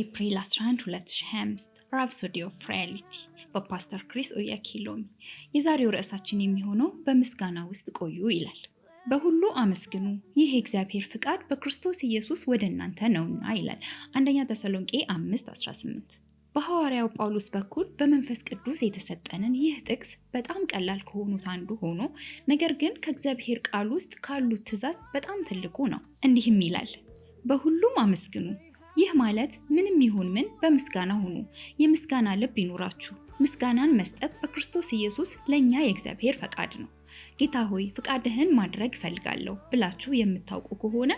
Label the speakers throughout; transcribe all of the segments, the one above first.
Speaker 1: ኤፕሪል 11 2025 ራፕሶዲ ኦፍ ሪያሊቲ በፓስተር ክሪስ ኦያኪሎሚ። የዛሬው ርዕሳችን የሚሆነው በምስጋና ውስጥ ቆዩ ይላል። በሁሉ አመስግኑ፣ ይህ የእግዚአብሔር ፍቃድ በክርስቶስ ኢየሱስ ወደ እናንተ ነውና ይላል አንደኛ ተሰሎንቄ 5:18 በሐዋርያው ጳውሎስ በኩል በመንፈስ ቅዱስ የተሰጠንን ይህ ጥቅስ በጣም ቀላል ከሆኑት አንዱ ሆኖ ነገር ግን ከእግዚአብሔር ቃል ውስጥ ካሉት ትእዛዝ በጣም ትልቁ ነው። እንዲህም ይላል በሁሉም አመስግኑ ይህ ማለት ምንም ይሁን ምን በምስጋና ሁኑ፣ የምስጋና ልብ ይኑራችሁ። ምስጋናን መስጠት በክርስቶስ ኢየሱስ ለእኛ የእግዚአብሔር ፈቃድ ነው። ጌታ ሆይ ፍቃድህን ማድረግ እፈልጋለሁ ብላችሁ የምታውቁ ከሆነ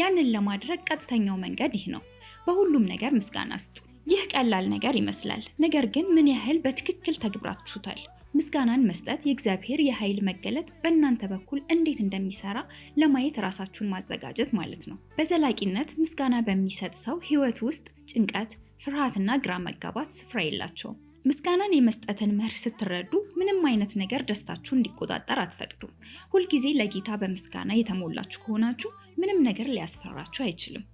Speaker 1: ያንን ለማድረግ ቀጥተኛው መንገድ ይህ ነው። በሁሉም ነገር ምስጋና ስጡ። ይህ ቀላል ነገር ይመስላል፣ ነገር ግን ምን ያህል በትክክል ተግብራችሁታል? ምስጋናን መስጠት የእግዚአብሔር የኃይል መገለጥ በእናንተ በኩል እንዴት እንደሚሰራ ለማየት ራሳችሁን ማዘጋጀት ማለት ነው። በዘላቂነት ምስጋና በሚሰጥ ሰው ህይወት ውስጥ ጭንቀት፣ ፍርሃትና ግራ መጋባት ስፍራ የላቸውም። ምስጋናን የመስጠትን መርህ ስትረዱ ምንም አይነት ነገር ደስታችሁ እንዲቆጣጠር አትፈቅዱም። ሁልጊዜ ለጌታ በምስጋና የተሞላችሁ ከሆናችሁ ምንም ነገር ሊያስፈራችሁ አይችልም።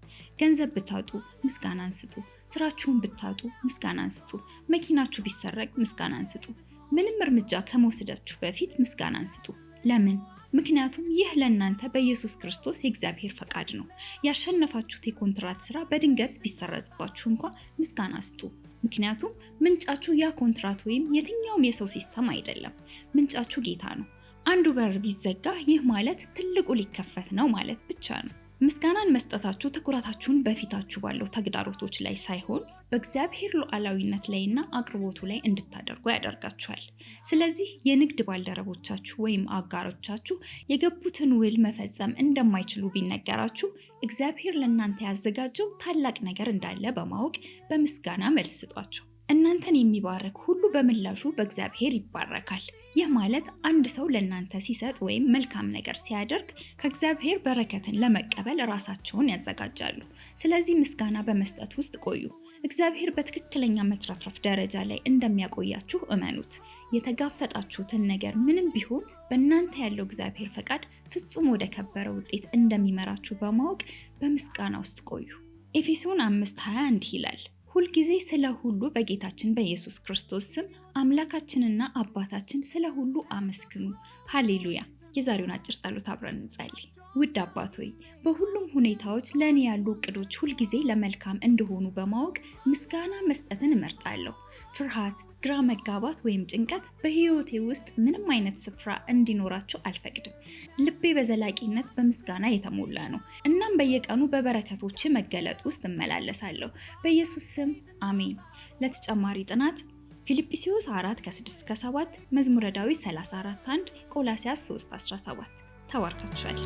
Speaker 1: ገንዘብ ብታጡ ምስጋናን ስጡ። ስራችሁን ብታጡ ምስጋናን ስጡ። መኪናችሁ ቢሰረቅ ምስጋናን ስጡ። ምንም እርምጃ ከመውሰዳችሁ በፊት ምስጋናን ስጡ። ለምን? ምክንያቱም ይህ ለእናንተ በኢየሱስ ክርስቶስ የእግዚአብሔር ፈቃድ ነው። ያሸነፋችሁት የኮንትራት ስራ በድንገት ቢሰረዝባችሁ እንኳ ምስጋና ስጡ። ምክንያቱም ምንጫችሁ ያ ኮንትራት ወይም የትኛውም የሰው ሲስተም አይደለም። ምንጫችሁ ጌታ ነው። አንዱ በር ቢዘጋ ይህ ማለት ትልቁ ሊከፈት ነው ማለት ብቻ ነው። ምስጋናን መስጠታችሁ ትኩረታችሁን በፊታችሁ ባለው ተግዳሮቶች ላይ ሳይሆን በእግዚአብሔር ሉዓላዊነት ላይና አቅርቦቱ ላይ እንድታደርጉ ያደርጋችኋል። ስለዚህ የንግድ ባልደረቦቻችሁ ወይም አጋሮቻችሁ የገቡትን ውል መፈጸም እንደማይችሉ ቢነገራችሁ እግዚአብሔር ለእናንተ ያዘጋጀው ታላቅ ነገር እንዳለ በማወቅ በምስጋና መልስ ስጧቸው። እናንተን የሚባርክ ሁሉ በምላሹ በእግዚአብሔር ይባረካል። ይህ ማለት አንድ ሰው ለእናንተ ሲሰጥ ወይም መልካም ነገር ሲያደርግ ከእግዚአብሔር በረከትን ለመቀበል ራሳቸውን ያዘጋጃሉ። ስለዚህ ምስጋና በመስጠት ውስጥ ቆዩ። እግዚአብሔር በትክክለኛ መትረፍረፍ ደረጃ ላይ እንደሚያቆያችሁ እመኑት። የተጋፈጣችሁትን ነገር ምንም ቢሆን በእናንተ ያለው እግዚአብሔር ፈቃድ ፍጹም ወደ ከበረ ውጤት እንደሚመራችሁ በማወቅ በምስጋና ውስጥ ቆዩ። ኤፌሶን 5:20 እንዲህ ይላል ሁልጊዜ ስለ ሁሉ በጌታችን በኢየሱስ ክርስቶስ ስም አምላካችንና አባታችን ስለ ሁሉ አመስግኑ። ሃሌሉያ የዛሬውን አጭር ጸሎት አብረን እንጸልይ። ውድ አባት ሆይ በሁሉም ሁኔታዎች ለእኔ ያሉ እቅዶች ሁልጊዜ ለመልካም እንደሆኑ በማወቅ ምስጋና መስጠትን እመርጣለሁ። ፍርሃት፣ ግራ መጋባት ወይም ጭንቀት በሕይወቴ ውስጥ ምንም አይነት ስፍራ እንዲኖራቸው አልፈቅድም። ልቤ በዘላቂነት በምስጋና የተሞላ ነው። እናም በየቀኑ በበረከቶች መገለጥ ውስጥ እመላለሳለሁ። በኢየሱስ ስም አሜን። ለተጨማሪ ጥናት ፊልጵስዩስ 4 ከ6 እስከ 7፣ መዝሙረ ዳዊት 34 1፣ ቆላሲያስ 3 17 ተባርካችኋል።